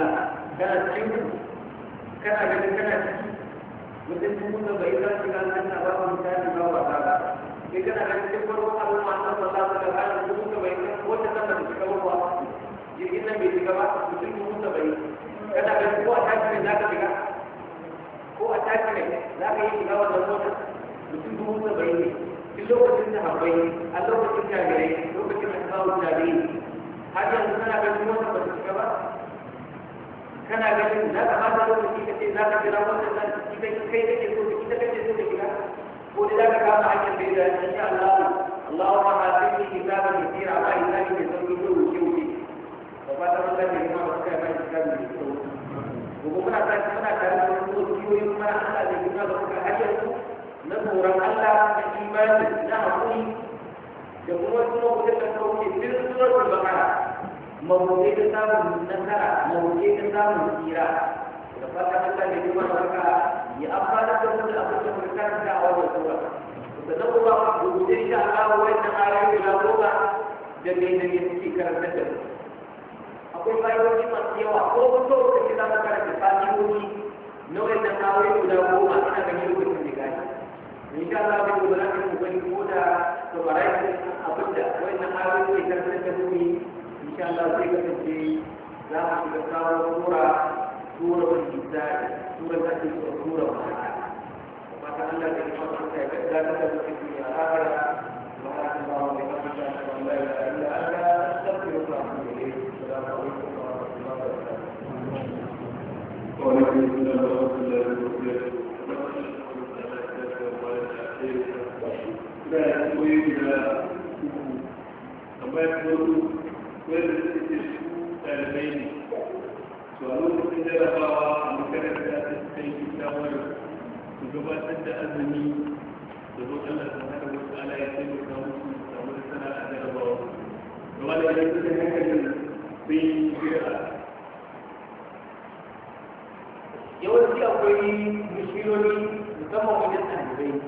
la'a kana cikin kana ganin kana ciki mutum dubu da bai kan shiga nan ba mu mutane ba wa ta ba sai kana ganin cikin farko abin ma nan ba za ka ga kana dubu da bai kan wata kan da shiga ruwa jirgin nan bai shiga ba mutum dubu da bai kana ganin ko a taki ne za ka shiga ko a taki ne za ka yi shiga wannan motar mutum dubu da bai ne duk lokacin da haɓai a lokacin jami'ai lokacin da kawo jami'ai har yanzu kana ganin motar ba ta shiga ba kana ganin za ka fata lokaci ka ce za ka jira wannan nan kai kai kake so ka kita kake so ka jira ko da za ka kama hanyar da ya dace insha Allah Allah ma ha sai ni kitaban da tira ba ina ne da sauki ko wuce wuce ba ba ta wannan ne ma ba ka mai kitaban da so ko kuma ta muna tare da wasu kiyoyi kuma Allah da kuma da kuma hanyar na tsoron Allah da imani na hakuri da kuma wasu lokutan da kauke duk surar bakara mawuce ta samun nasara mawuce ta samun tsira da fata Allah ne kuma barka ya amfana da mu da abin da ta a wannan sura da zan kuma rubuce insha Allah wannan ayoyi da goma da me da yake karanta da mu akwai fa'idoji masu yawa ko wato kace za mu karanta fa'idoji na wannan ayoyi guda goma ina ganin lokacin da gani insha Allah da gobe za mu ni ko da to abin da wannan ayoyi ne karanta da mu insha Allah sai kasance za a shiga sabon sura sura wal misali sura ta ce sura sura ma mata Allah da kuma ta ga da ta da take ya haka subhanallahi wa bihamdihi wa la ilaha illa anta astaghfiruka wa atubu ilayk assalamu alaikum wa rahmatullahi wa barakatuh wa alaikum assalam wa rahmatullahi wa barakatuh Thank you. wanda suke ce su ɗalibai ne to a lokacin jarabawa a makaranta ta suka yi shawarar su gabatar da azumi da zo Allah ta hada wasu ala ya ce musu samu su samu da sana a jarabawa da wani da suka yi hankalin sun yi jira yawanci akwai mushironi musamman wajen ɗalibai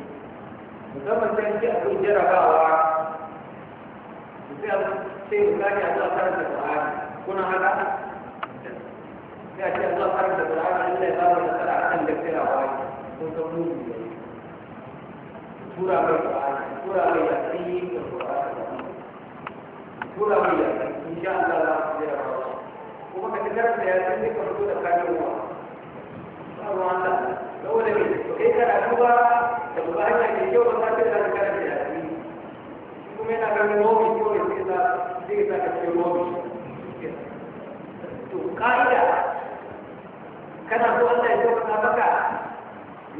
musamman sai akwai jarabawa sai sai ku sake a zuwa karanta Qur'ani kuna haka sai a ce a zuwa karanta Qur'ani Allah ya ba mu nasara akan gaskiya wa ne kun san mu tura mai Qur'ani tura mai yasin da Qur'ani tura mai yasin insha Allah za ku jira ba kuma ka karanta yasin ne ka fito da kayan ruwa ba ruwan da saboda me kai karatu ba da buƙatar da kyau ba ta ce za ka karanta yasin kuma yana ganin mawuyi ko da ke za zai zaka cikin romi to ka'ida kana so Allah ya tabbata maka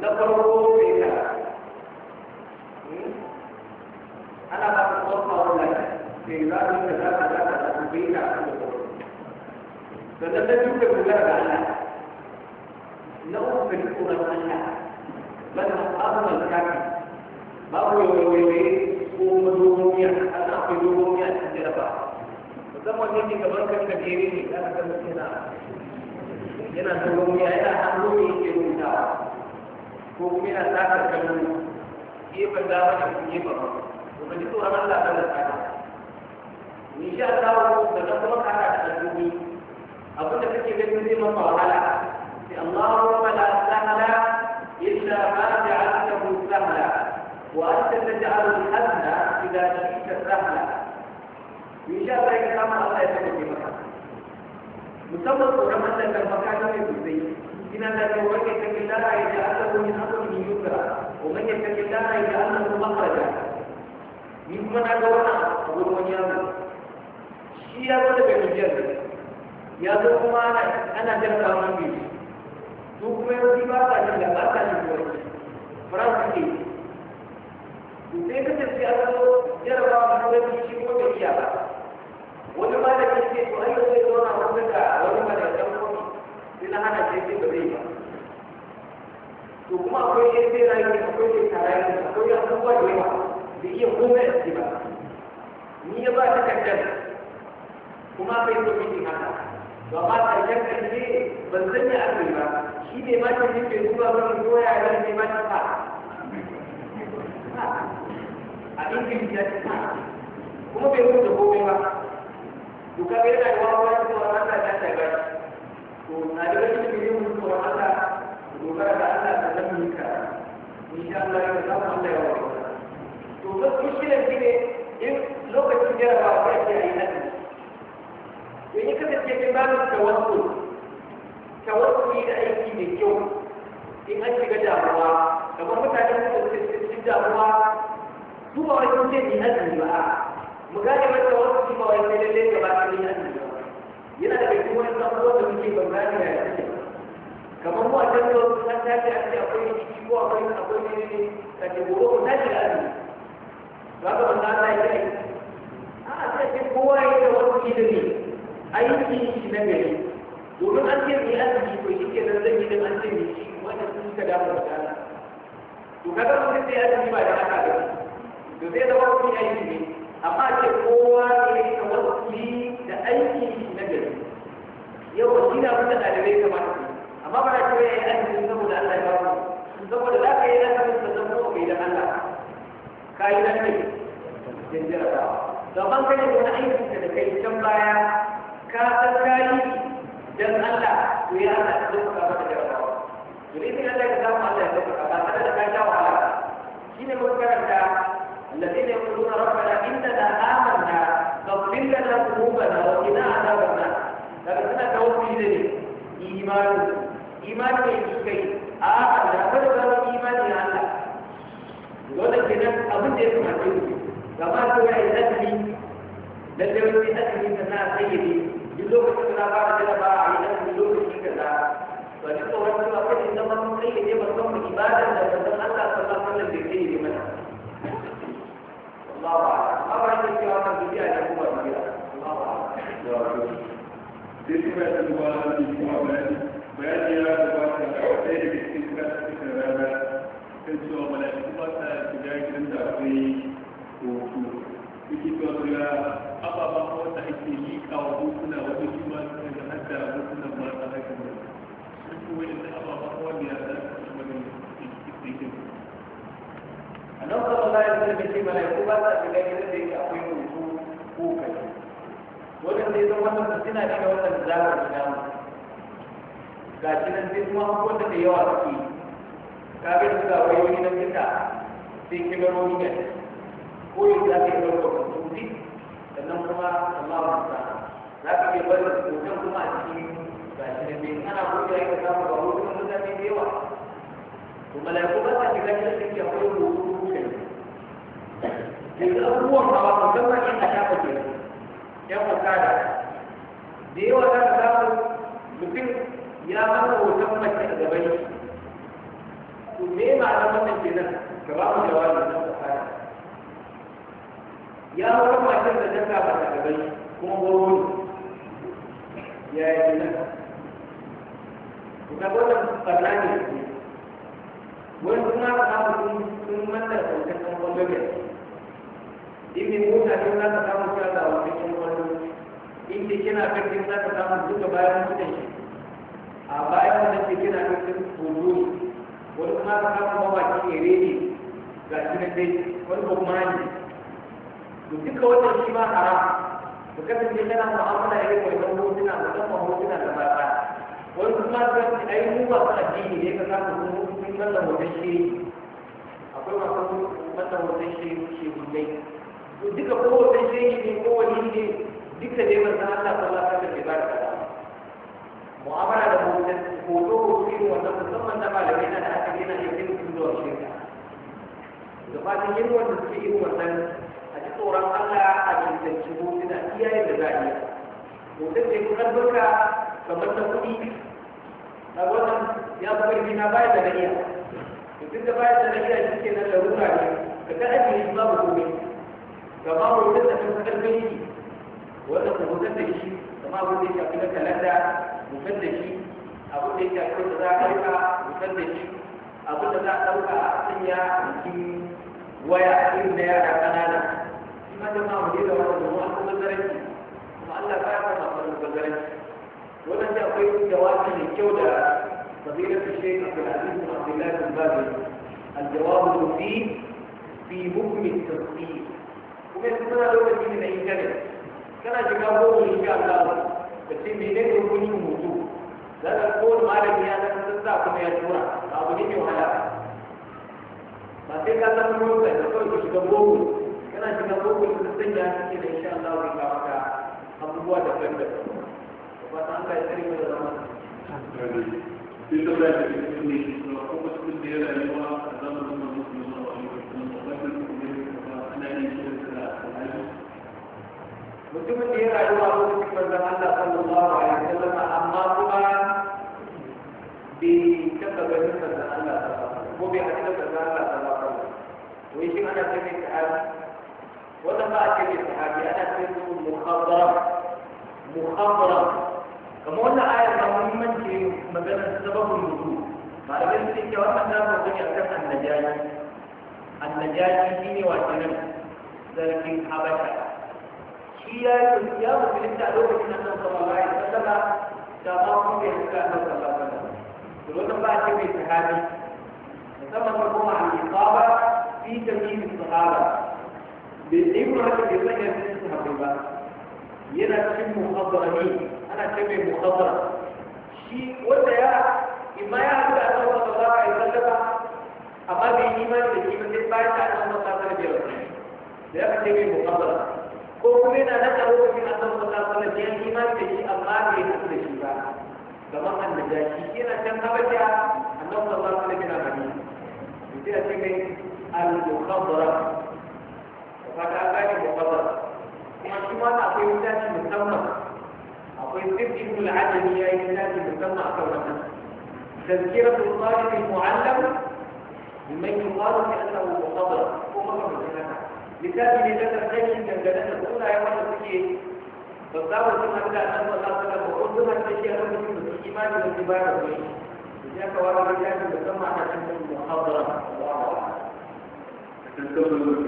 na farko kai ka hmm? ana ba ka tsofa wannan sai za ka ka za ka za ka za ka bai ka sannan na biyu ka kula da Allah na uku ka ji tsoron Allah ban abubuwan kafin babu yawaiwaye ko madogomiya ana akwai dogomiya ba musamman yake gaban kan kajere ne kana kan yana yana tsoron ya yana hannu ne yake rubutawa ko kuma yana tsakar kallon gefen da kuma gefen ba to ka ji tsoron Allah kan da tsaka ni sha Allah da na kuma kana da addu'i abinda kake ganin zai maka wahala sai Allahumma la sahla illa ma ja'altahu sahla wa anta taj'alul hazna idha shi'ta sahla insha Allah ka kama Allah ya taimake maka musamman tsoron Allah kan baka ga mai sosai ina da kai wanda kake lara ya da Allah ko min abu min yusra ko man ya kake lara ya da Allah ko makhraja ni kuma na ga wannan abu shi ya zo daga Nijar ya zo kuma ana jarka man bi su kuma yau ba ka jin da ba ka jin wani faransa ke sai ka tafi zo jarabawa na wani shi ko bai iya ba wani ma da kake to ai zai zauna wannan da wani ma da kan kuma sai na hana sai ba zai ba to kuma akwai shi sai rayu akwai shi tarayi akwai abubuwa da yawa da iya komai a ciki ba ni ya ba takardar kuma bai so miji haka to amma karshen karshe ban san ya ba shi ne ma ta nufe ruwa wani doya ya ne ma ta fa a ingilishi ya ta kuma bai rubuta komai ba to kaga da wawa da tsoron Allah ta tagar ko na da rashin yin tsoron Allah to kaga da Allah ta zama ka insha Allah ya zama Allah ya wawa to ga kushirin shi ne in lokacin jarabawa ba ke yi nan in yi kasance kai ba mu tawassul tawassuli da aiki mai kyau in an shiga damuwa kamar mutanen da suke damuwa Duba wani sun ce azumi ba mu gane mata wasu su ba wani da gaba ta ne yana yana da kai wani tsaro wata muke ban gane kamar mu a can da wasu san ta a ce akwai ciki ko akwai akwai ne ne ka ce gobe mu tashi da azumi ba ka ban gane da yake a a ce kowa ya da wasu yi ciki shi na gari domin an ce mai azumi ko shi ke nan zan yi an ce mai shi wanda sun ka da kana to kaga mutum sai azumi ba da haka da to zai zama wani aiki ne amma ce kowa ya yi tawassuli da aiki na gari yau wasila wanda ɗalibai kamata amma ba na ce ya yi aiki saboda Allah ya ba saboda za ka yi aiki da zama mai da Allah ka yi nan ne jinjira ba da ban kai wani aikin da kai can baya ka san ka yi dan Allah to ya Allah ka zama ka da jarabawa to idan Allah ya samu Allah ya zama ka ba tare da ka sha wahala ne mun karanta الذين يقولون ربنا إننا آمنا فاغفر لنا ذنوبنا وقنا عذاب النار لكن أنا توفي لي إيمان إيمان كي آمنا فلو إيمان يا الله dole kenan abin da ya kamata yi gama ko ya yi azumi lalle na sayyade duk lokacin da ba da ba a yi azumi lokaci kaza to duk da da ababan wata ake yi kawo hukuna wata shi da hajjara hukunan ba ta haka ne su kuma yadda nan sallallahu alaihi wasallam yake malaiku ba sa shiga gidan da yake akwai hutu ko kai wannan zai zama wannan fitina ne ga wannan zarar shiga mu ga shi nan sai kuma da yawa suke kaga da ga wayoyi na fita sai kibaroni ne ko yanzu za ka yi ɗaukar hutu sannan kuma Allah ta za ka iya barin hoton kuma a cikin ga shi nan dai ana kuma ya ka samu ga hotunan yawa to malaiku ba sa shiga gidan da yake akwai hutu yanzu abubuwan hawa musamman inda shafa ke yan fasada da yawa za ka samu mutum ya masa hoton mace a gaban shi to me ma'anar wannan kenan ka ba mu jawabi na fasada ya hoton macen da ta sa mata gaban shi kuma goro ne ya yi kenan na wannan barna ne wani suna samun sun manna hoton kan kwallon ibn mota din za ka samu cewa da wani cikin wani in ke kina karfin za ka samu duka bayan mutan shi a bayan wanda ce kina karfin hudu wani kuma ka samu mawaki ne rede ga shi na dai wani kuma ne to duka wannan shi ma haram to kasance kana mu'amala irin wannan hotuna musamman hotuna da ba ta wani kuma ka ce ai mu ba su addini ne ka samu mun mun mallaka hoton shi akwai masu mallaka hoton shi shi gullai duka kowace shehi ne kowane ne duka dai manzan Allah sallallahu alaihi wasallam ba da mu'amala da hoton hoto hoto irin wannan musamman na malamai na da aka gina ne yin zuwa shirka da fatan yin wanda suke irin wannan a ji tsoron Allah a cancanci na iyaye da za a yi hoton da ya fi albarka kamar na kuɗi na wannan ya fi ƙarfi na baya da na iya duk da baya da na iya shi ke nan da ruwa ne ka ga ajiye babu komai kama wutar da kan sakar gani wanda ku da shi abin da ya shafi kalanda da shi abin da ya da za shi abin da za a a sanya jikin waya irin na yara ƙanana shi ma jama'a mu da wata domin an kuma kuma Allah kuma kuma wannan da akwai jawabi mai kyau da fadilar kuma sai su suna lokaci ne na intanet kana shiga google insha Allah da ce me ne rukunin hutu za ka kowane malami ya san sassa kuma ya tura abu ne mai wahala ba sai ka san ruwan da shiga kana shiga google ka sanya shi ne insha Allah zai ka maka abubuwa daban-daban ba san ka yi tsari zama Thank you. ya da zai kuma a zamanin mutumin da ya rayu a lokacin manzon Allah sallallahu alaihi wasallam amma kuma bai taba ganin manzon Allah sallallahu alaihi ko bai hadda manzon Allah sallallahu alaihi wasallam wai shi ana cikin sahabi wannan ba a cikin sahabi ana cikin muhabbara muhabbara kamar wannan ayar na muhimmanci maganar sababin mutu malamai sun ce wannan da ba zai akan annajaji annajaji shine wato nan zargin habasha shi ya yi ya mutum da lokacin nan nan sama bayan sallama da ma kun bai suka nan sama sama to wannan ba ce mai sahabi musamman ko kuma al-isaba fi tafsir sahaba bai yi mun haka bai sanya cikin sahabbai ba yana cikin muhabbarani ana ce mai muhabbara shi wanda ya imma ya haɗu da Allah sallallahu alaihi wasallam amma bai yi imani da shi ba sai bayan ta Allah sallallahu alaihi wasallam da ya ce mai muhabbara kamar annajashi yana can habasha annabi sallallahu alaihi wasallam yana madina sai a ce kai al-mukhadara fata an gane mukhadara kuma shi ma akwai littafi musamman akwai sirrin al-adami yayi littafi musamman akan wannan تذكرة الطالب المعلم بمن يقال بأنه مخضرة ومخضرة لكاتب لذات الخير من الجنة الأولى يوم الفكير فقالوا كما كان أن الله تعالى وقلتم التشيء لكم في الإيمان والإيمان به وجاك وراء رجال وسمع حسنكم محضرا الله أعلم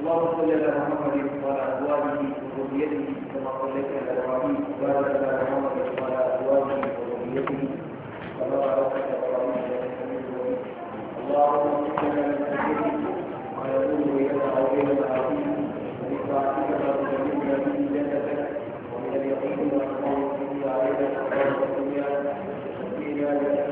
اللهم صل على محمد وعلى ازواجه وذريته كما صليت على ابراهيم وبارك على محمد وعلى ازواجه وذريته كما باركت على ابراهيم انك حميد مجيد اللهم اغفر لنا من ذنوبنا ويقول الينا علينا العظيم da Thank you.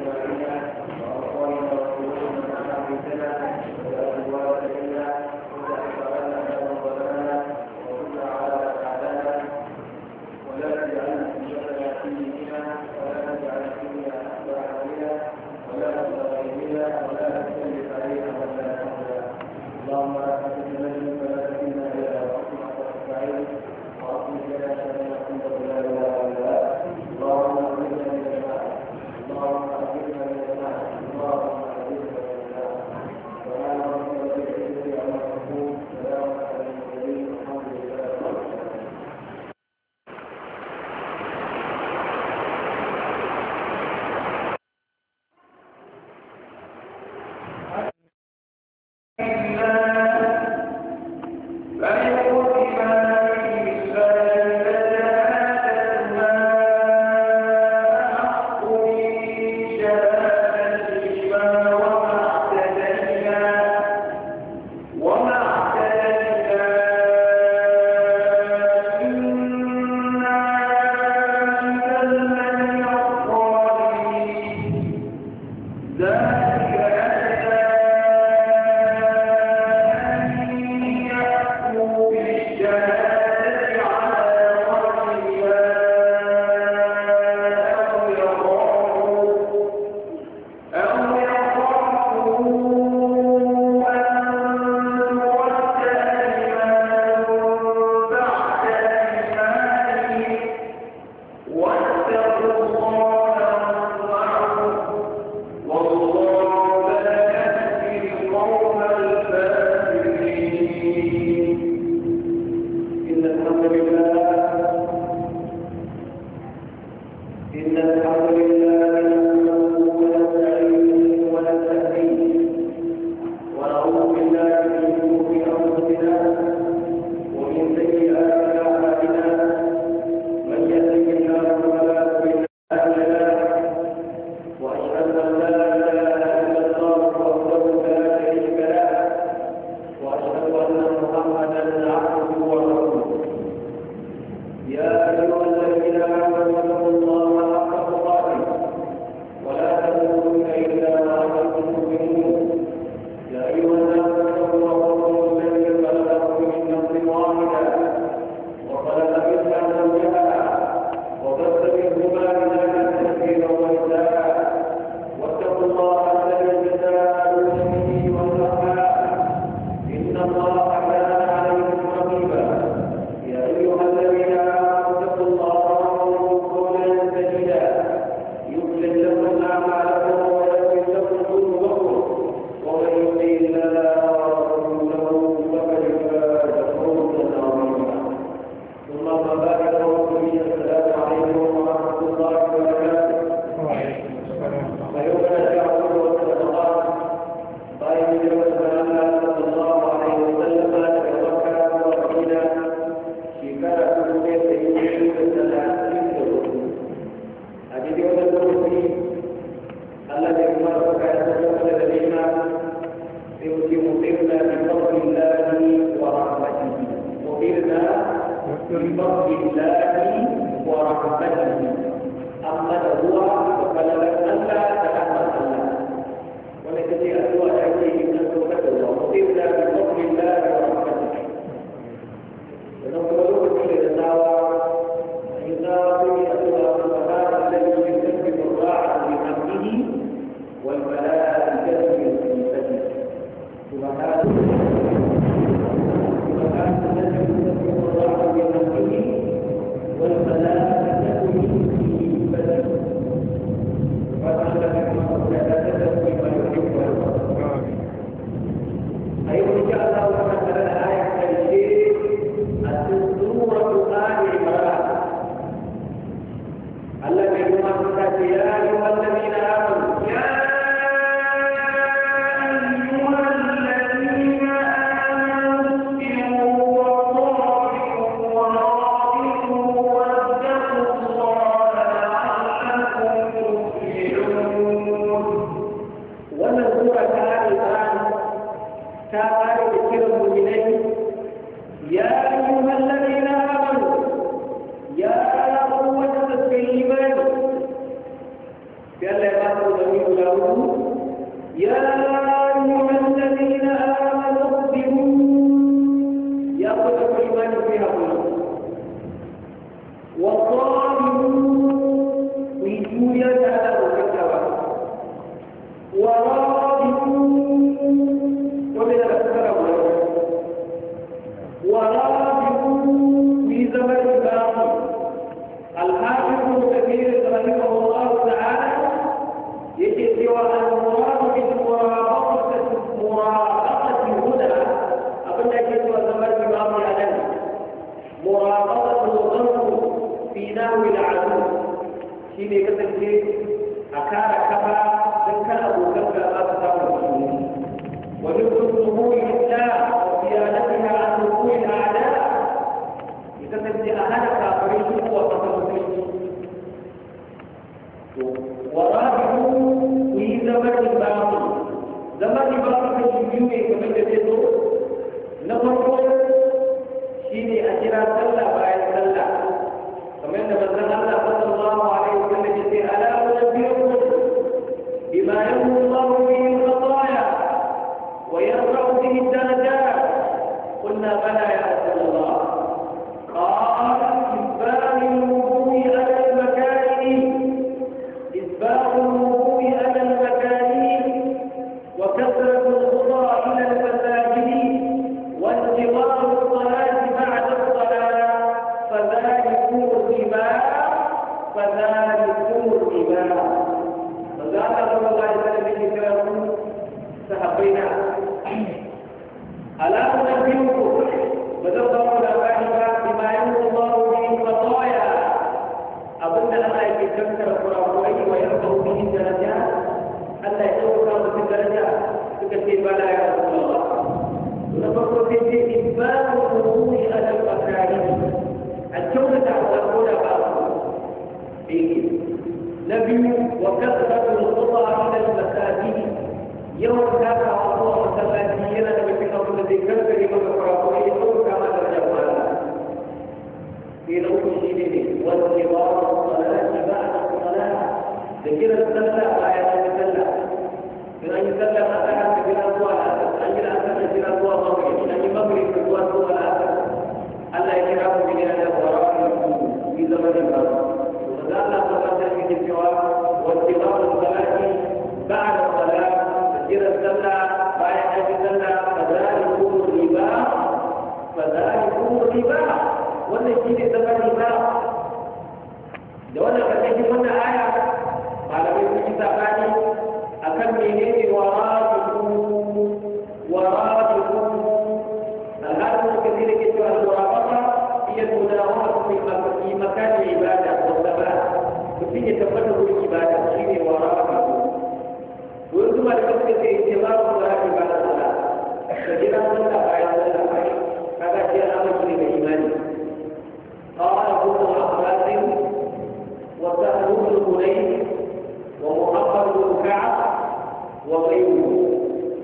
وغيره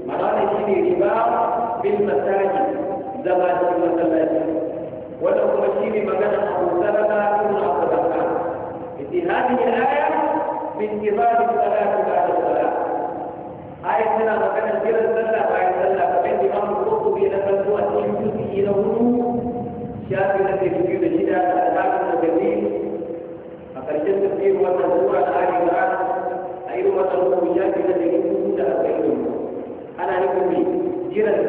مرانا شيني ربا بالمساجد زمان المسلات ولو شيني مجانا أبو سلمة كل أصدقاء في هذه الآية من كتاب الصلاة بعد الصلاة آية سنة مجانا كيرا الصلاة بعد الصلاة فبين آية إمام القرطبي لفلسوة يمتد إلى وضوء شافنا في وجود الشدة الأسباب التجديد أخرجت التفسير والتنصور على آل عمران kiran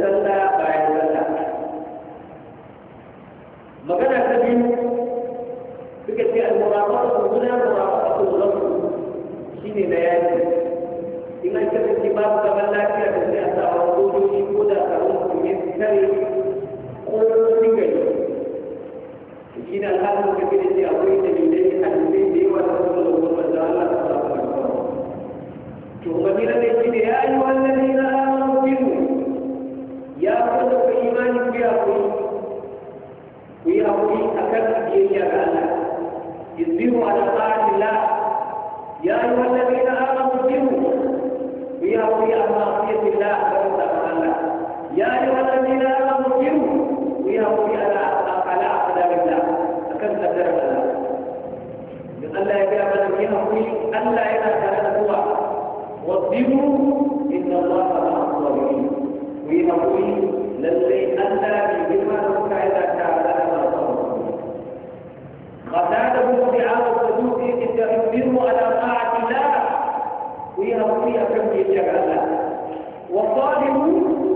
يا كم يجعل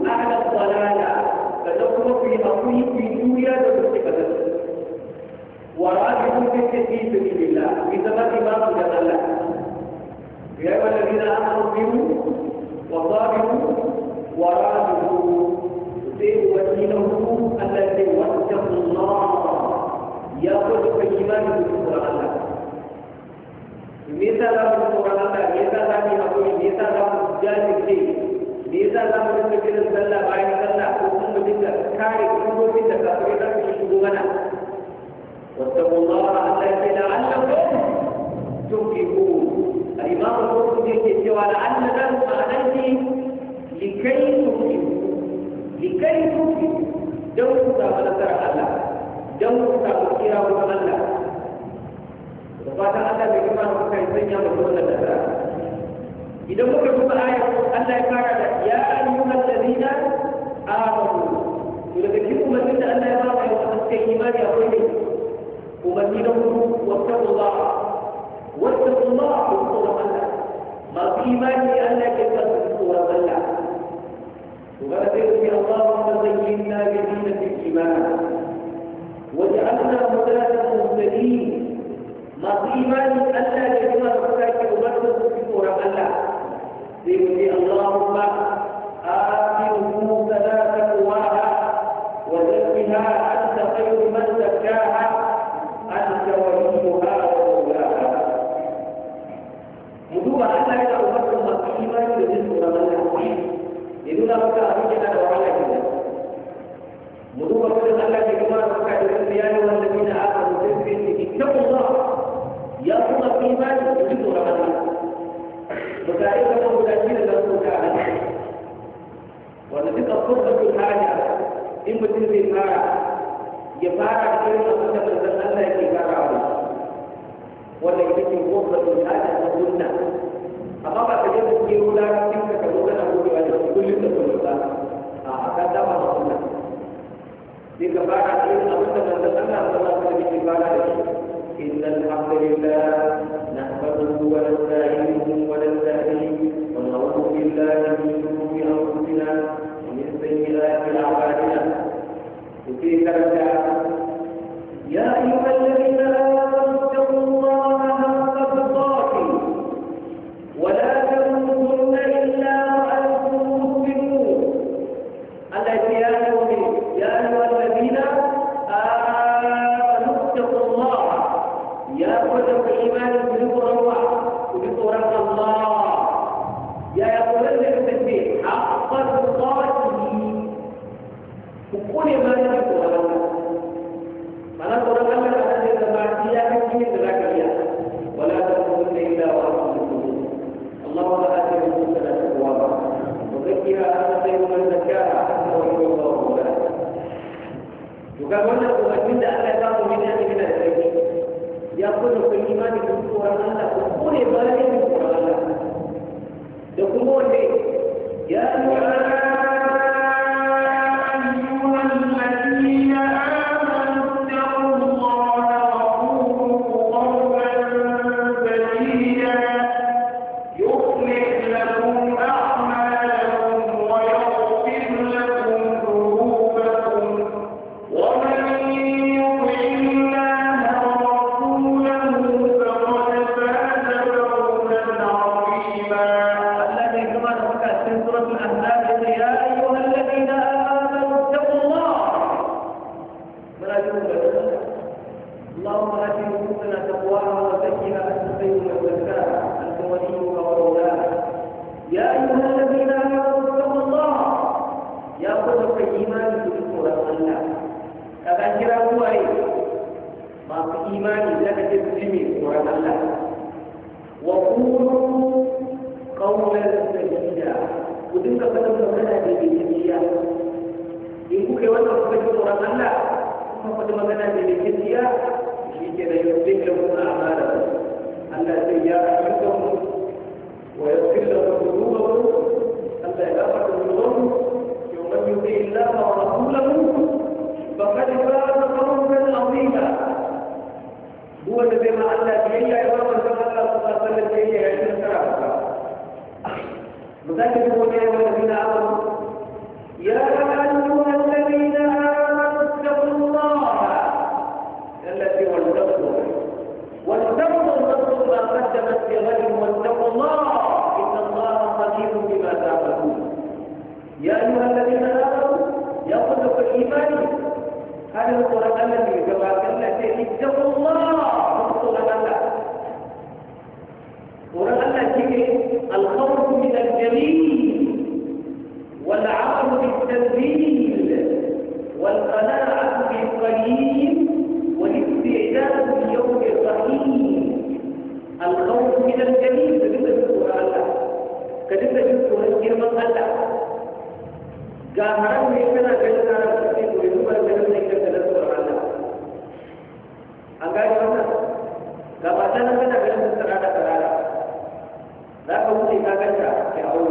أهل الضلالة فتقوم في أقوه في سوريا لمستقبل وراجع في سبيل الله بسبب ما وجد الله يا أيها الذين آمنوا منه وصابروا وراجعوا سيروا الذي واتقوا الله يأخذ في إيمانه سبحانه me yasa za mu tsoron Allah me yasa za mu hakuri me za mu jajirce me za mu dinga kiran sallah bayan sallah ko kuma mu dinga kare kudodin da kafirai za su shigo mana واتقوا الله الذي لعلكم تفلحون الإمام القرطبي يقول لعل له معنته لكي تفلحوا لكي تفلحوا دون تسامح الله دون تسامح الله da fatan Allah bai gama da kuka yi sanya da wannan da ta idan muka duba ayar Allah ya fara da ya ayyuhal ladina amanu to daga cikin umarnin da Allah ya ba wa yau suka yi imani akwai ne umarni na hudu wattaqullah wattaqullah ku tsoron Allah masu imani ne Allah ke sa su tsoron Allah to ga sai ku yi Allahumma zayyinna bi dinatil iman وجعلنا هداة مهتدين masu imani Allah ne kuma da kuka ke umarta su fi tsoron Allah sai mu ce Allahumma آتهم ثلاث قواها وزكها أنت خير من زكاها أنت وليها ومولاها mutuwa Allah yana umarta masu imani da jin tsoron Allah ya nuna maka abin yana da wahala kenan mutuwa kuma Allah ke kuma maka da wani bayani wanda ke da aka mutum bin لا هو فيما يريد رمضان وتعرفه تأثير له تعالى ونتيجة القربة الحاجة إما آه، تنزل الحاجة يفارع كلمة تتبرز الله يفارع ولا يجب قربة الحاجة تقولنا أما تجد كيرولا تلك كيرولا نقول أن كل تقولنا هذا ما نقولنا تلك فارع كلمة تتبرز الله يفارع إن الحمد لله نحمده ونستعينه ونستهديه ونعوذ بالله من شرور أنفسنا ومن سيئات أعمالنا يا أيها الذين آمنوا wajen gani da Allah ka tsoron girman Allah ga haram ne kana ce da da tsoron Allah an wannan ga nan kana tsara da tsara za ka wuce ka ki to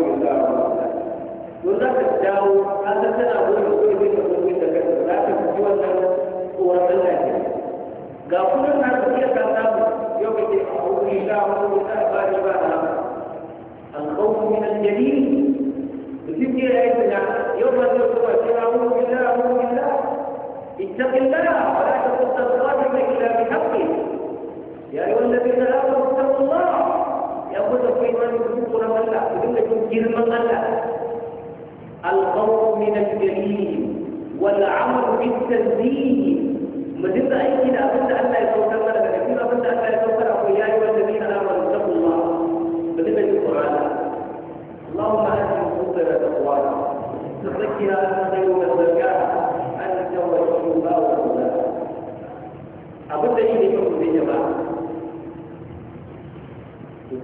za ka dawo an san tana da kanka za ka ji wannan tsoron Allah ga kullum na tafiya samu يوم أعوذ بالله والنساء الخوف من الجليل وتبدي آياتنا يوم تقول أعوذ بالله أعوذ بالله اتق الله ولا تكن الظالم إلا بحقه يا أيها الذين آمنوا اتقوا الله يقول في من يكون ولا يقول جرما ولا الخوف من الجليل والعمل بالتنزيه ما تبدأ أي كده أبدا أن لا يكون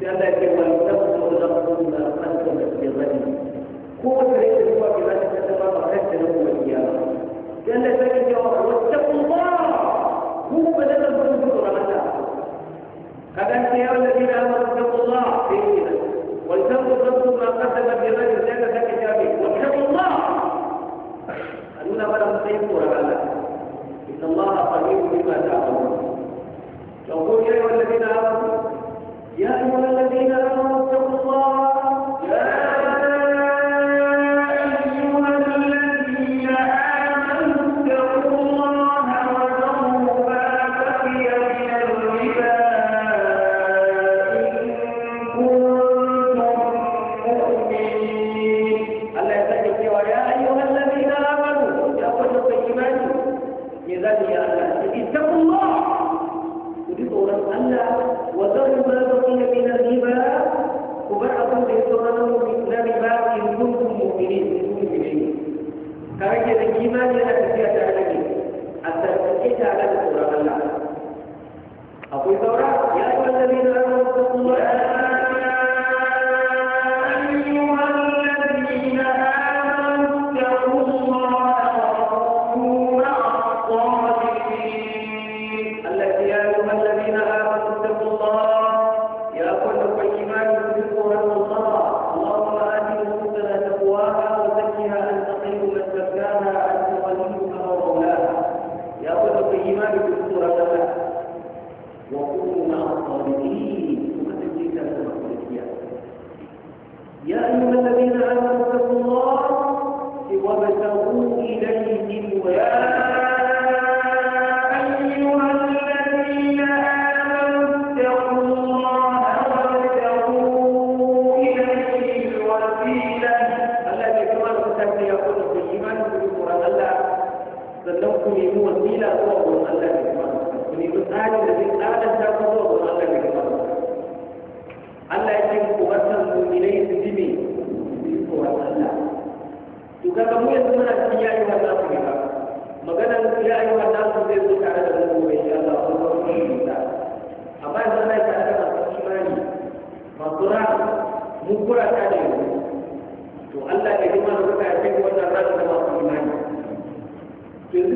sai Allah ya ce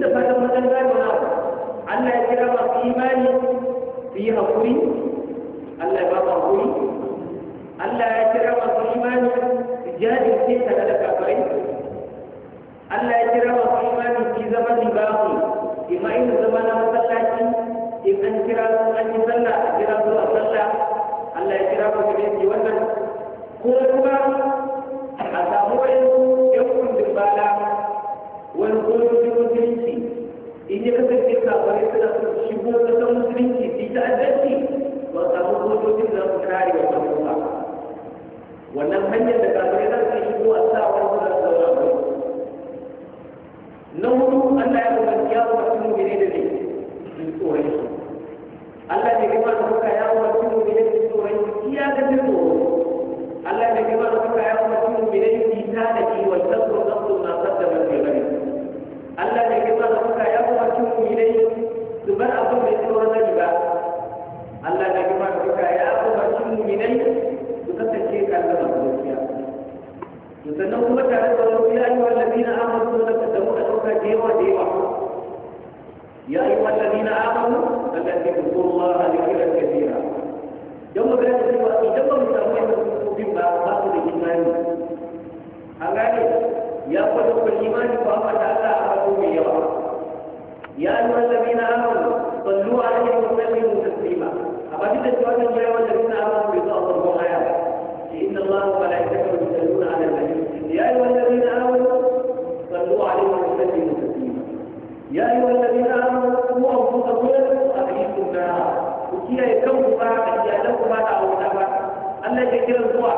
da fatan wajen gano na Allah ya kira masu imani su yi haƙuri Allah ya ba su haƙuri Allah ya kira masu imani su jajirce tare da kafirai Allah ya kira masu imani su zama libahu imai da zama na masallaci in an kira su an yi sallah a kira su a sallah Allah ya kira masu imani wannan ko kuma kuma kasar musulunci su kiyaye kanku ba da iyalanku ba da aure ba Allah ya kira zuwa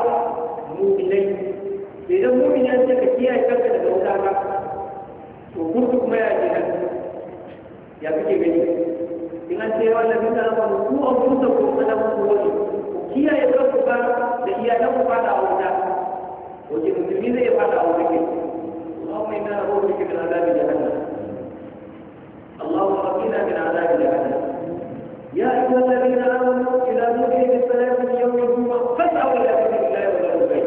mu'minai bai dan mu'mini an ce ka kiyaye kanka daga wuta ba to gurku kuma ya ke nan ya kake gani in an ce wannan bin na ba ku an furta ku da ku wani kiyaye kanku ba da ku ba da aure wace musulmi zai da aure ke اللهم انا نعوذ بك من عذاب جهنم اللهم اقنا من عذاب جهنم يا أيها الذين آمنوا إلى نوح بالسلام من يوم الجمعة فاسعوا إلى ذكر الله وذروا البيع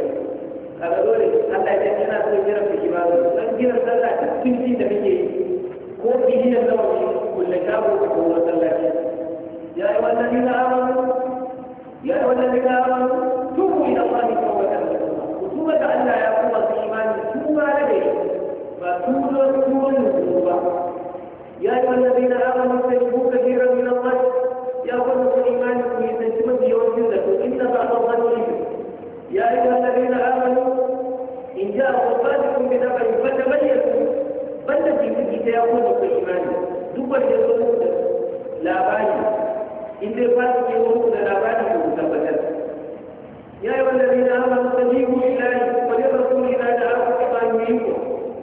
هذا دولي الله يجعل أنا أقول جرى في كبار أن جرى صلى تمشي تبكي قوم به الزوج كل كابو هو صلى يا أيها الذين آمنوا يا أيها الذين آمنوا توبوا إلى الله توبة وتوبة أن لا يقوم الإيمان توبة لديه فتوبة توبة يا أيها الذين آمنوا استجيبوا كثيرا من الله ya kuma kuma imani ku yi zai kuma biyo shi da ku ba a ba ya yi wanda bai na amano in ji a babba da kun bi dafa yi banda bayyar ku banda jiki ya kuma kuma imani duk wanda ya zo da labari in dai ba su ke wani ya yi wanda bai na amano ta jihu ilani kwanye ba ne na da aka kuma yi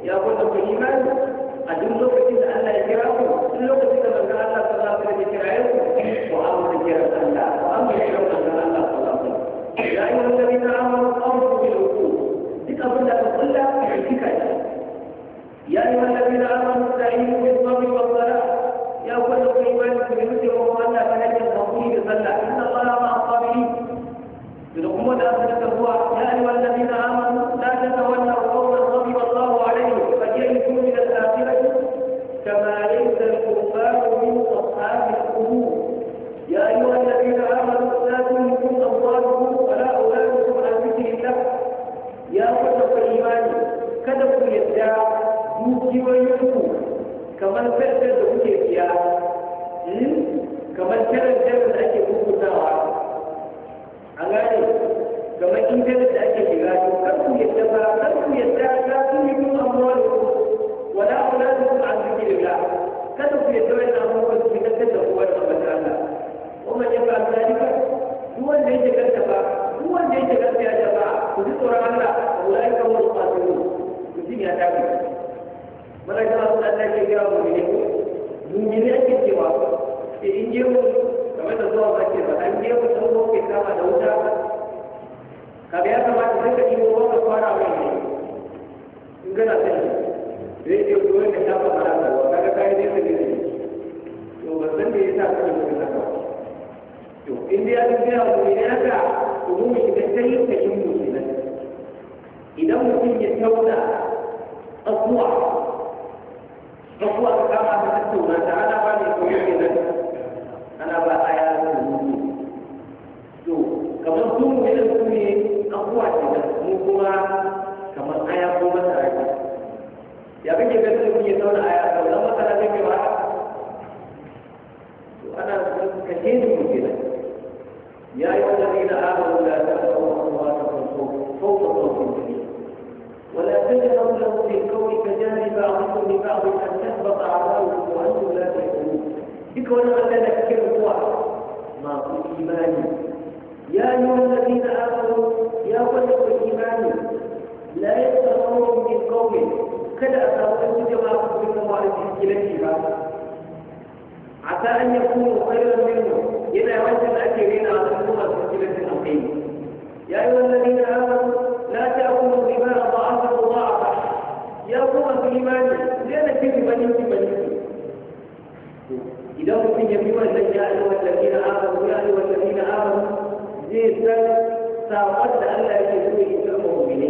ya kuma kuma imani a duk lokacin da Allah ya kira ku duk lokacin da manzon Allah sallallahu alaihi wasallam ya kira ku ku amsa kiran Allah ku amsa kiran manzon Allah sallallahu alaihi wasallam ya ayyuhan ladina amanu qawmu bil uqud duk abin da ka kulla ka kika ya ayyuhan ladina amanu ta'inu bis sabri was salah ya kullu qiyman bi mithli ma Allah fa lakin tawfiq bi sallah inna Allah ma'a sabirin da kuma da aka tabuwa ya ayyuhan ladina amanu Gracias. da kiskilanci ba asa an yakunu khairan minhum yana yawancin da ake rena a cikin kuma kiskilancin alkhairi ya yi wannan na amanu la ta'kulu riba da'afa da'afa ya kuma su imani zai na cin riba ne cin bane idan mutum ya bi wannan ya yi wannan dina amanu ya yi wannan dina amanu zai san saƙon da Allah yake so ya yi karɓar mu'mini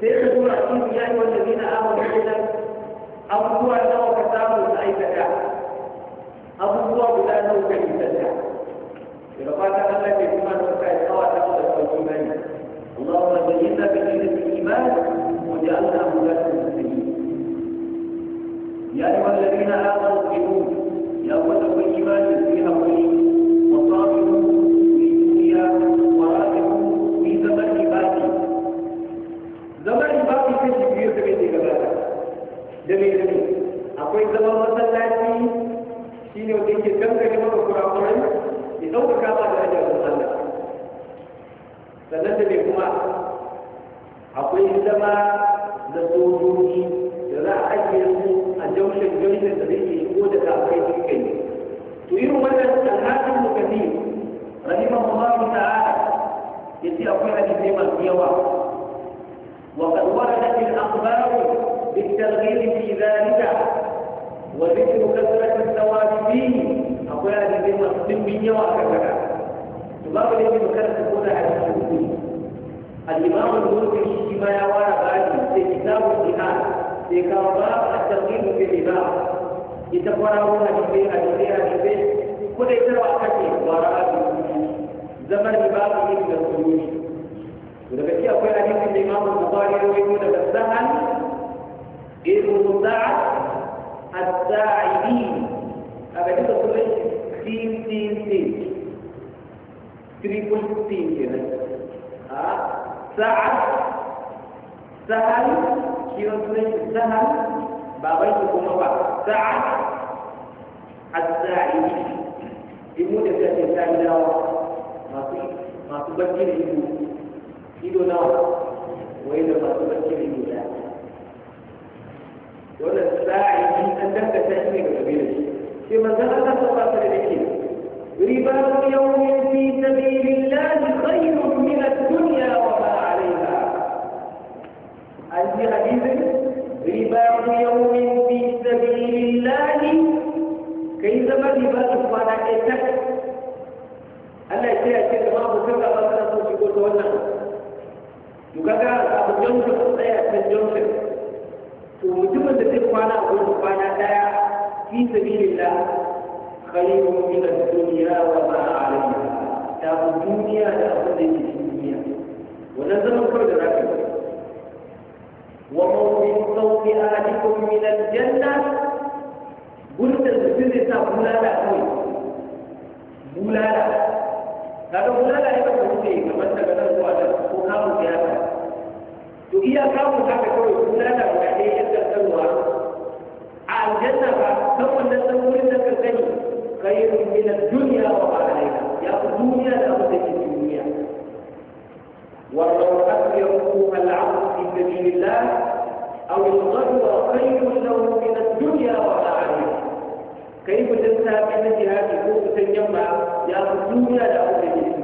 sai ka tura a cikin ya yi wannan dina amanu sai abubuwa nawa ka samu ka aikata abubuwa guda nawa ka yi sanda daga fatan Allah ke kuma da suka yi tsawa ta da sauki bane اللهم زينا بدين الإيمان وجعلنا هداة المسلمين يا أيها الذين آمنوا اصبروا يا قوة الإيمان في هؤلاء da mai akwai zaman masallaci shi ne wanda yake dangane maka kurakuran ya ɗaukaka ma da ajiyar sallah sannan da mai kuma akwai zama na sojoji da za a ajiye su a jaushen jaushen da zai yi ko da kafai su kai to irin wannan alhakin mukaddi rahimahullahu ya yace akwai hadisi masu yawa wa qad waradat al-akhbar بالترغيب في ذلك وذكر كثرة الثواب فيه أقول هذه ذمة ضمنية وهكذا الباب الذي ذكرت هنا حديث الإمام المنذري فيما يروى بعد في كتاب الجهاد في كرباء الترغيب في الإمام يتقرأون حديثين حديثين حديثين كل يتروى كثير وراء زمن الإمام ابن مسعود ولكن أقول حديث الإمام البخاري يروي من السهل ابن سعد الساعدين هذا كده كله سين سين سين تريبل سين كده ها سعد سهل كيوسلين سهل بابيت كوما سعد الساعدين ibu da ta ce ta yi dawa masu masu bakin ido ido nawa wai da masu bakin wannan sa'ayi an dakata shi ga kabilar shi sai manzon Allah sallallahu alaihi wasallam yake ribar yawmin fi sabilillah khayrun min ad-dunya wa ma 'alayha an ji hadisin ribar yawmin fi sabilillah kai zama ribar kwana ɗaya tak Allah ya ce a ce zama abokan gaba suna so shigo ta wannan to kaga abu jonsa tsaya kan jonsa to mutumin da zai kwana goma kwana daya fi sabilillah khayrun min ad-dunya wa ma 'alayha ta duniya da abin da yake cikin duniya wannan zaman kawai da zaka yi wa mawqin sawti ahadikum min al-janna gurbin da zai sa bulala kawai bulala kaga bulala ya kasance kamar daga nan zuwa nan ko kamun siyasa to iya samun haka kawai kun lada wa ne yan dantarwa a aljanna ba kan wannan dan wurin da kan sani khairun min ad-dunya wa ma alayha ya ku duniya da abin da ke duniya wa law asyru al-'abd fi sabilillah aw al-ghadwa khairun lahu min ad-dunya wa ma alayha kai mutum ta kai na jihadi ko mutum yamma ya ku duniya da abin da ke duniya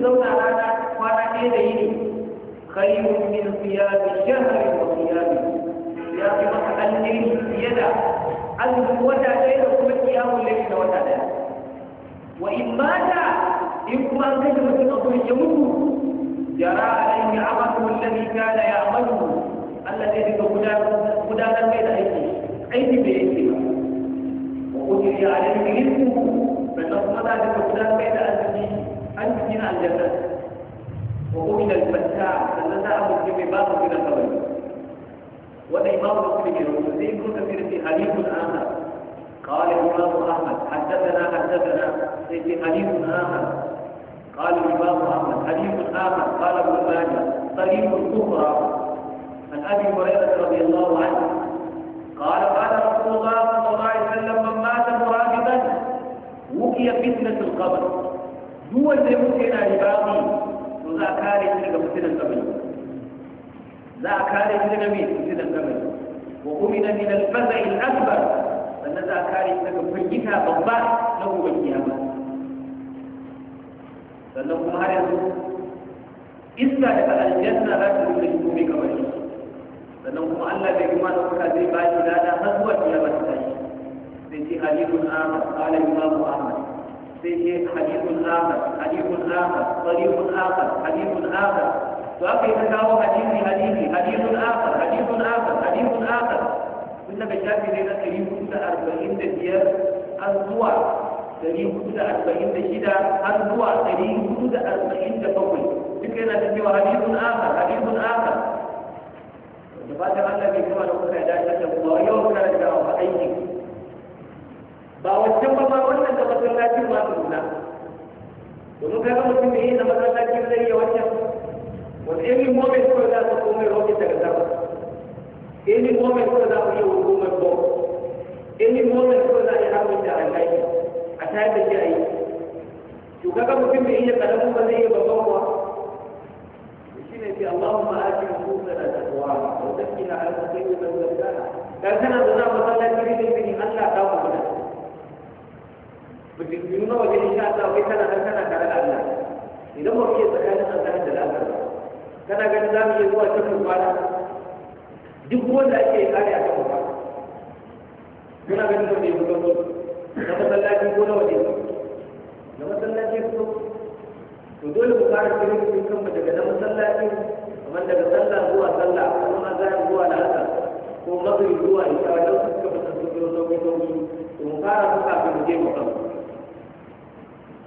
ki zauna rana kwana ɗaya da yini khayrun min siyam shahri wa siyam ya fi maka alheri fiye da azumin wata ɗaya da kuma kiyamun laifi na wata ɗaya wa in mata in kuma an kashe mutum a gurin ya mutu jara wallafi amalu alladhi kana ya'malu Allah zai dinga gudanar mai da aiki aiki bai yake ba wa kujiri alaihi rizqu sannan kuma za ka gudanar mai da aiki? أنت هنا الجنة وأمن الفتاة الذي أمر بما باب من الخبر والإمام مسلم يقول زيد كثير في حديث آخر قال الإمام أحمد حدثنا حدثنا في حديث آخر قال الإمام أحمد حديث آخر قال ابن ماجه طريق أخرى عن أبي هريرة رضي الله عنه قال قال رسول الله صلى الله عليه وسلم من مات مرابطا وقي فتنة القبر هو الذي يمكن أن يبعضي وذا كان يجلق مسيدا قبل ذا كان يجلق مسيدا قبل وأمن من الفزع الأكبر أن ذا كان يجلق فجيكا ضباء له والنيابة فلنه مهارض إسا لبقى الجنة رجل من الجنوب كبير فلنه مؤلف إمان وكذري باجدانا هزوة يا مستعي سيدي خليل آمد قال إمام آمد حديث آخر حديث آخر طريق آخر حديث آخر وأخي تكاو حديث حديث حديث آخر حديث آخر حديث آخر كنا بشاكي لنا قريب كل أربعين دقيقة أسبوع قريب كل أربعين دقيقة أسبوع قريب كل أربعين دقيقة فكرة تجي حديث آخر حديث آخر فاتح الله بكما نقول إذا شكرا ويوم كان جاءه أيديك ba wancan ba ma wannan da masallacin ma su nuna domin kaga mutum ne na masallacin zai iya wancan wani irin moment kawai za su komai rokin daga sama any moment kawai za ku iya hukumar bom any moment kawai za a yi hamun da an a tayar da shi a yi to kaga mutum bai iya karamin ba zai iya babban kuwa shine sai Allahumma ati nufusana taqwa wa zakkina ala khayri man zakkaha dan kana da na masallaci ne Allah ta mu bikin nawa ne insha Allah kai kana nan kana tare da Allah idan ba ke tsakanin Allah da Allah kana ganin za mu iya zuwa cikin kwana duk wanda ake kare a kan kwana muna ganin da bai buga mutu na masallaci ko na waje na masallaci ko to dole mu fara kirin cikin kanmu daga na masallaci kamar daga sallah zuwa sallah ko azhar zuwa la'asar ko maghrib zuwa isha don suka fita su biyo sauki sauki to mu fara su kafin mu je mu kanmu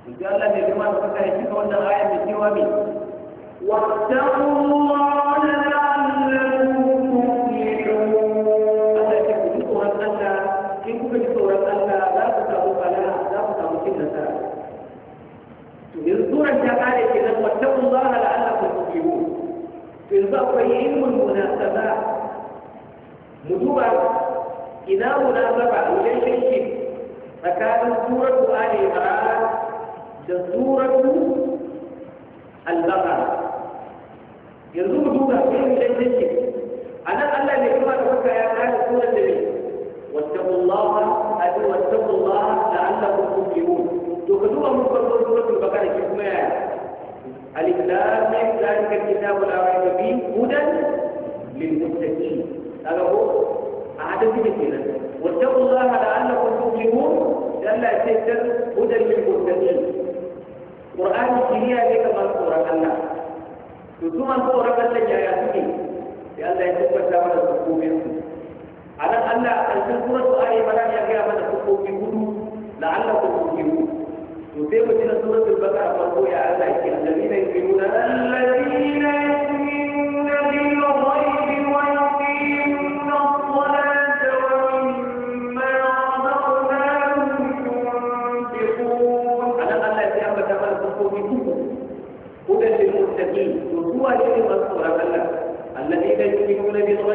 قال الله من كما نفكر يجيك وأن آية من سوى واتقوا الله لعلكم ألا تكون أنت إن كنت سورة أنت لا تتعب فلا لا تتعب كنتا بالصورة إذا واتقوا الله لعلكم تفلحون في الضغط علم المناسبات مدوبة إذا مناسبة وجه شيء فكان سورة آل إبراهيم سورة البقرة يزور دوبة في المجلسك أنا ألا لكما تفكى يا أهل سورة دمين واتقوا الله أدو واتقوا الله لعلكم تفكرون تخذوها من فضل سورة البقرة كما يعني؟ الإسلام من ذلك الكتاب والأوائل فيه هدى للمتقين هذا هو أعدد مثلا واتقوا الله لعلكم لأن لا تهتر هدى للمتقين qur'ani kiriya ne ga masu Allah to su masu tsoron Allah yaya suke sai Allah ya tabbata mana su komai Allah a cikin suratul ali imran ya ga mana su komai hudu la'allakum tuqilun to sai mu ji na suratul baqara farko ya Allah yang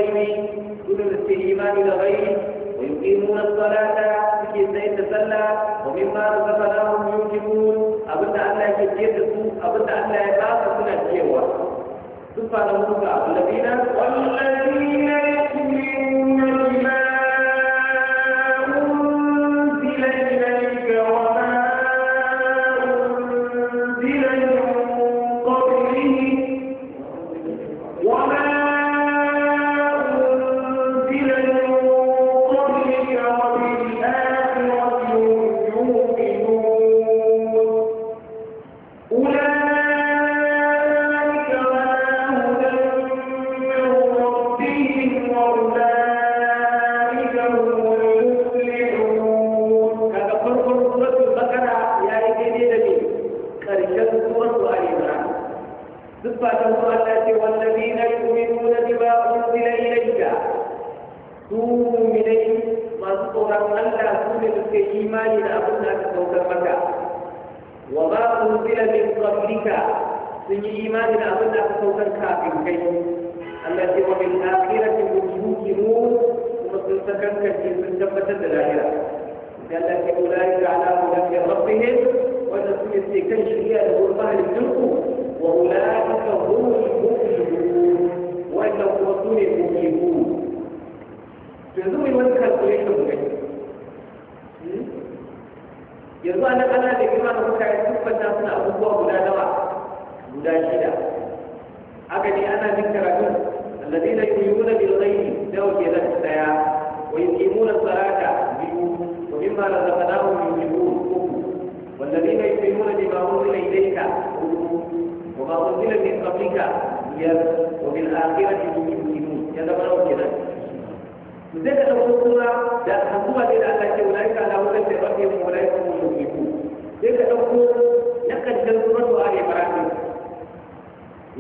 الغيب دون الى غيره ويقيمون الصلاة في الزيت الصلاة ومما رزقناهم يوجبون أبدا أن لا يجيبوا أبدا أن لا يبعث سنة جيوة سبحانه وتعالى الذين والذين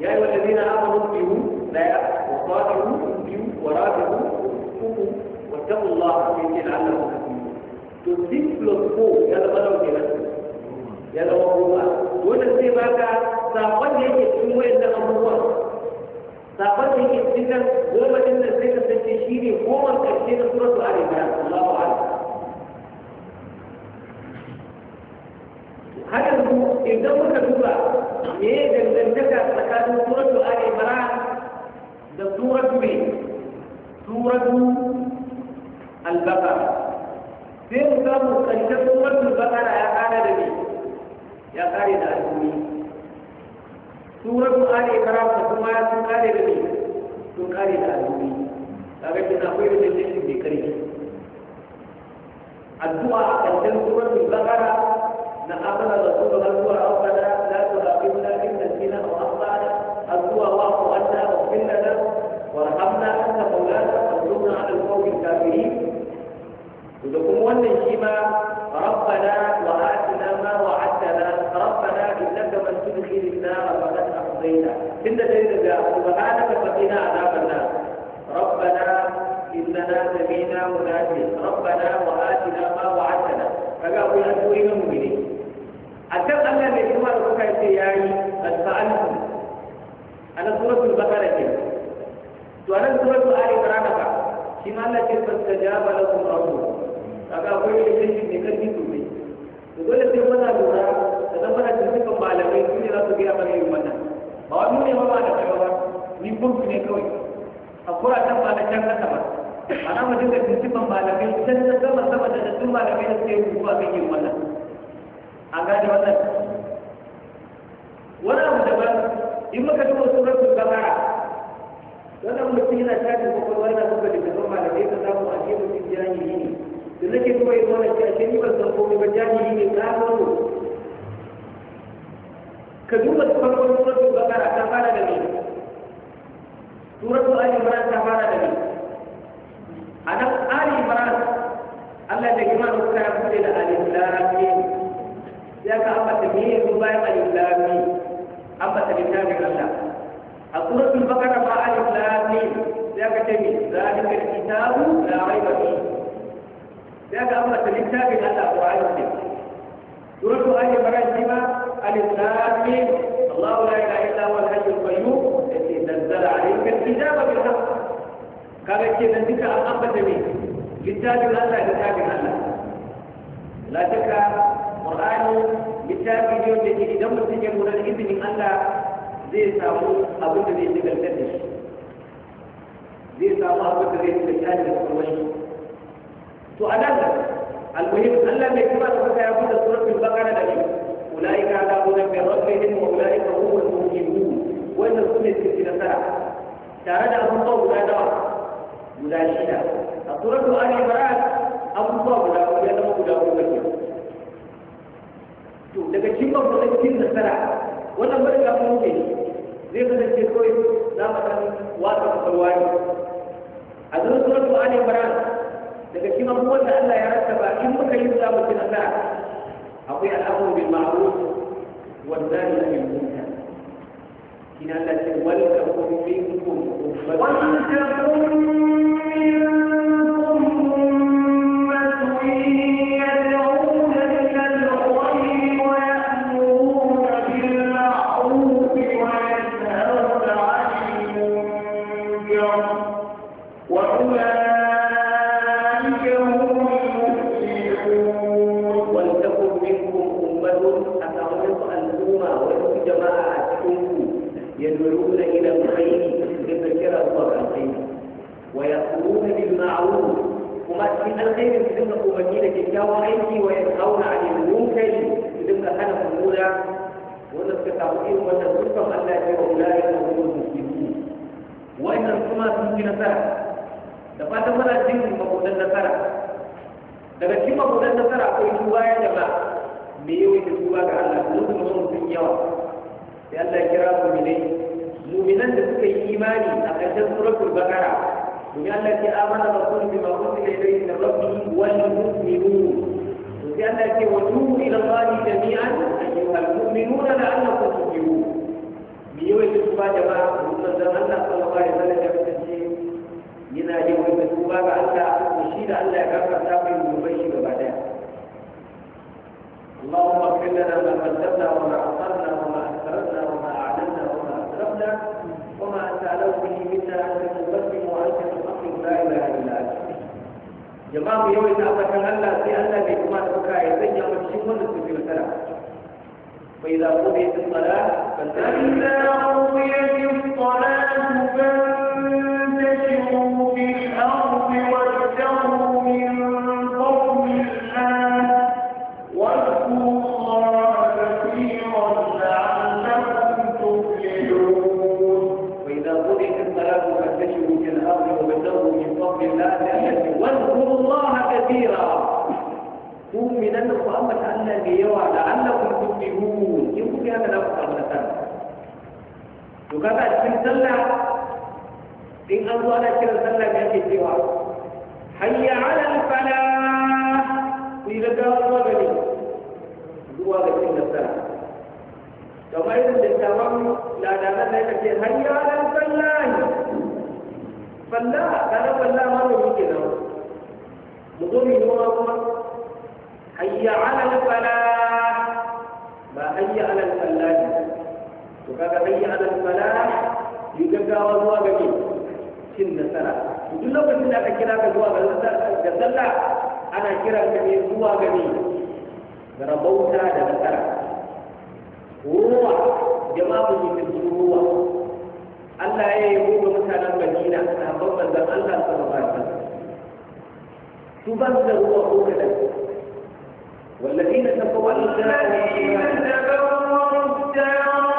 أيها الذين آمنوا اتقوا لا وقاتلوا اتقوا ورابطوا واتقوا واتقوا الله حبيبي لعلكم تؤمنون تو سيك بلوس فور يلا بلوس كيما يلا وقوما دون سيما كان سابقا يجي سمو إلا أمروا سابقا يجي سيكا وما إلا سيكا إذا me ya dangantaka tsakanin suratu ali imran da suratu mai suratu al-baqara sai mu samu ƙarshen suratu al-baqara ya kara da me ya kare da al'ummi suratu ali imran da kuma ya sun kare da me sun kare da al'ummi kaga kina akwai relationship mai karfi addu'a a ƙarshen suratul baqara نقابل رسول الله هو ربنا لا تراقبنا إن نسينا وأخطأنا هو واعف عنا واغفر لنا وارحمنا أنت مولانا وانصرنا على القوم الكافرين ودكم وانا شيما ربنا وآتنا ما وعدتنا ربنا إنك من تدخل النار فقد أخطينا إن تجد سبحانك فقنا عذاب النار ربنا إننا سمينا مناديا ربنا وآتنا ما وعدنا فقالوا يا أخوي المؤمنين a can Allah mai girma da kuka ce ya yi alfa'alku a na suratul bakara ke to a nan suratul ali imran ka shi ma Allah ce fastajaba lakum rabbu kaga akwai rikici ne kan dito ne to dole sai da zan fara cikin malamai ne za su gaya yin wannan ba wani ne ma ba da kai ba ni gurbi ne kawai a ba da can kasa ba ana cikin malamai da sama da dukkan malamai da suke yin an gane wannan wani abu daban in muka duba suratul baqara wannan mutum yana tashi kwakwalwa yana duba da gaban malamai ka samu a ke mutum jahili ne da nake kuma yi wannan ce a ke niman san komai ba jahili ne ta hannu ka duba su farkon suratul baqara ta fara da me su ali imran ta fara da ne a nan ali imran Allah da girma da kuka ya bude da alif lam sai ka ambata me ya zo bayan alif lam mim ambata littafin Allah a suratul baqara ma alif lam mim sai aka ce me zalika alkitabu la raiba fihi sai ka ambata littafin Allah Qur'ani ne suratul ali imran shi ma alif lam mim la ilaha illa huwa al-hayyul qayyum yake nazzala alayka al-kitaba bil haqq kaga nan duka an ambata me littafin Allah littafin Allah la shakka Ƙwararru littafi ne wanda ke idan mutum ya lura da izinin Allah zai samu abin da zai shigar da shi zai samu abin da zai shigar da kuma shi to a nan almuhim Allah mai kuma da kuka ya buɗe suratul baqara da shi ulaika ala hudan min rabbihim wa ulaika humul muhtadun wannan sune suke nasara tare da abubuwa guda nawa guda shida a suratul ali imran abubuwa guda ya zama guda uku kenan to daga cikin babban cikin nasara wannan bari ga mun ke zai kasance kawai za mu san wata kwakwalwa ne a zuwa suratul ali imran daga cikin abubuwan da Allah ya rattaba in muka yi za mu ci nasara akwai al'amuru bil ma'ruf wal nahy anil munkar kina Allah ce wal ko minkum ummatun بالله لأحد واذكروا الله كثيرا مؤمنا وأمة أن يوى لعلكم تفلحون يمكن هذا لكم أمة وكذا في السلة إن أنزل كل سلة يأتي سوى حي على الفلاح إذا قال الوغني هو غسل السلة كما إذا تتوقع لا دعنا لك حي على الفلاح falla ranar falla ma mai yake nan mu zo mu noma kuma hayya alal fala ba hayya alal falla ne to kaga hayya alal fala yi gaggawa zuwa ga cin nasara duk lokacin da aka kira ka zuwa ga da sallah ana kira ka ne zuwa ga ne ga rabauta da nasara ruwa jama'a mu yi ruwa Allah ya yi gobe mutanen Madina a haɓar manzan Allah sallallahu alaihi wasallam su ba su da ruwa ko kadan والذين تفوقوا الدار والإيمان تفوقوا الدار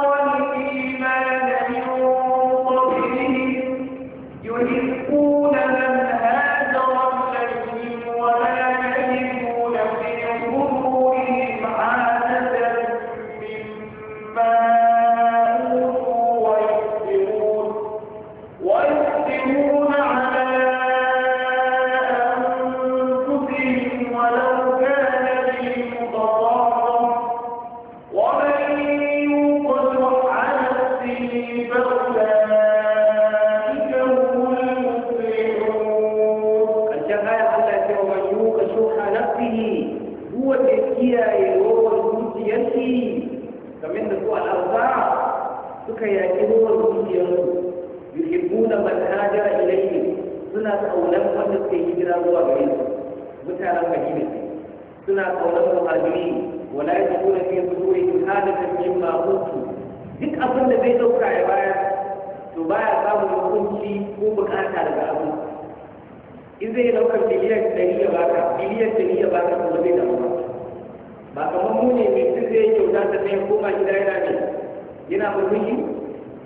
nafsihi huwa da kiyaye rawar zuciyarsi kamar da su al'arza suka yaƙi rawar zuciyarsu yuhibbuna man hajara ilayhi suna kaunar wanda suka yi hijira zuwa gare su mutanen madina suna kaunar muhajiri wala yajiduna fi sudurihim hajatan mimma utu duk abin da zai dauka ya baya to baya samun hukunci ko bukata daga abin in zai daukar miliyan ɗari ya baka miliyan ɗari ya ka kuma zai damu ba kamar mu ne mai tun zai kyauta ta ɗaya koma gida yana ne yana murmushi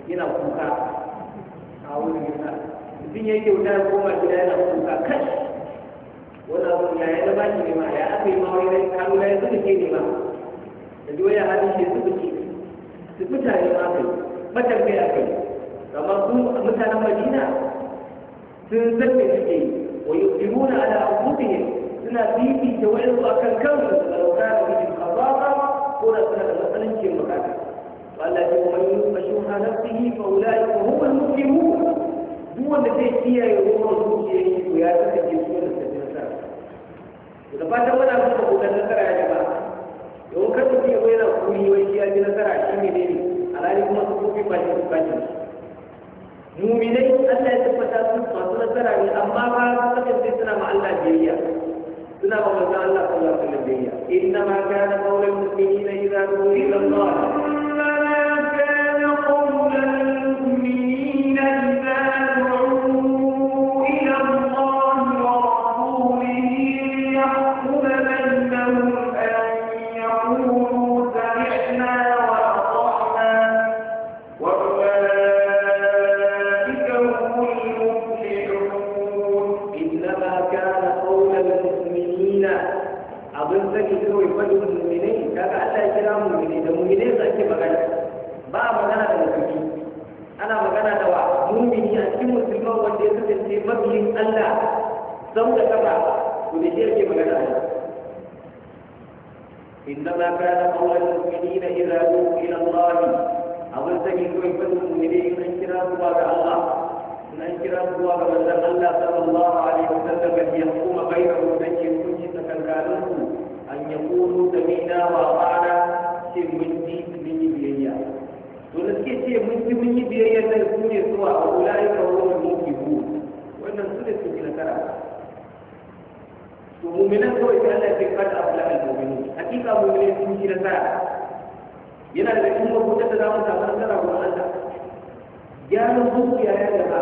yana kuka a wurin yana mutum ya kyauta ya koma gida yana kuka kai wani abu ya yi zama shi ne ma ya aka yi ma wani rai kanu ya zuba ke ne ma da doya hannun shi zuba ke su mutane ma kai matan kai a kai amma su mutanen madina sun zarta suke yi ويقدمون على أنفسهم سنة في توعظ أكل كون ولو كانوا بهم خصاصة قول سنة مثلا في المكان قال ومن يشوح نفسه فأولئك هم المسلمون دون التي فيها يوم الرسول ويا تكتبون السجنة da fatan wani abin da kokarin nasara ya ji ba domin kar mutum ya yana kuri wai shi ya ji nasara shi ne ne muminai Allah ya tabbata su masu nasara ne amma ba su kasance suna ma Allah biyayya suna ma manzon Allah sallallahu alaihi wasallam biyayya inna ma kana qawlul mu'minina idza du'u ila Allah inna ma kana qawlul mu'minina سوى كما ونجير كما كان إنما كان قول المؤمنين إذا دعوا إلى الله أو التجدوا يفتوا المؤمنين انشراك بعد الله انشراك بعد الله صلى الله عليه وسلم أن يحكم بينهم أن يكون تكالكالهم أن يقولوا سمعنا وأطعنا شيء من دين من بيئة ولكن شيء من دين من بيئة تكون يسوع أولئك هم الموكبون وإن السنة في الكلام to mu'minan kawai sai Allah ya kada abu aflaha al hakika mu'minin sun yi nasara yana da cikin mabutar da zamu mu samu nasara gurin Allah gyaran zuciya ya gaba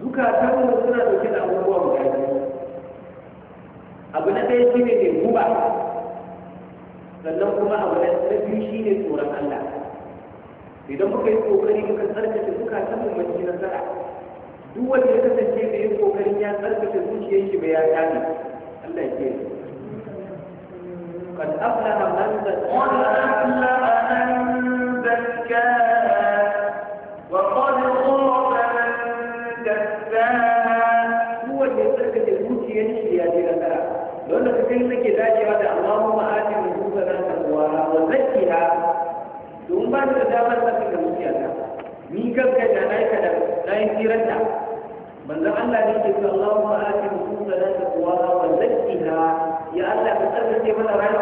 zukata mu suna dauke da abubuwa guda biyu abu na ɗaya shine ne guba sannan kuma abu na biyu shine tsoron Allah idan muka yi kokari muka tsarkake zukatan mu mun nasara duk wanda ya kasance da yin kokarin ya tsarkake zuciyar shi bai ya gane Allah ya hamdan da أفلح من تزكى tsiranta manzon Allah ne ke cewa Allahumma ati nufusana kuwa wa zakkiha ya Allah ka tsarkake mana rayuwa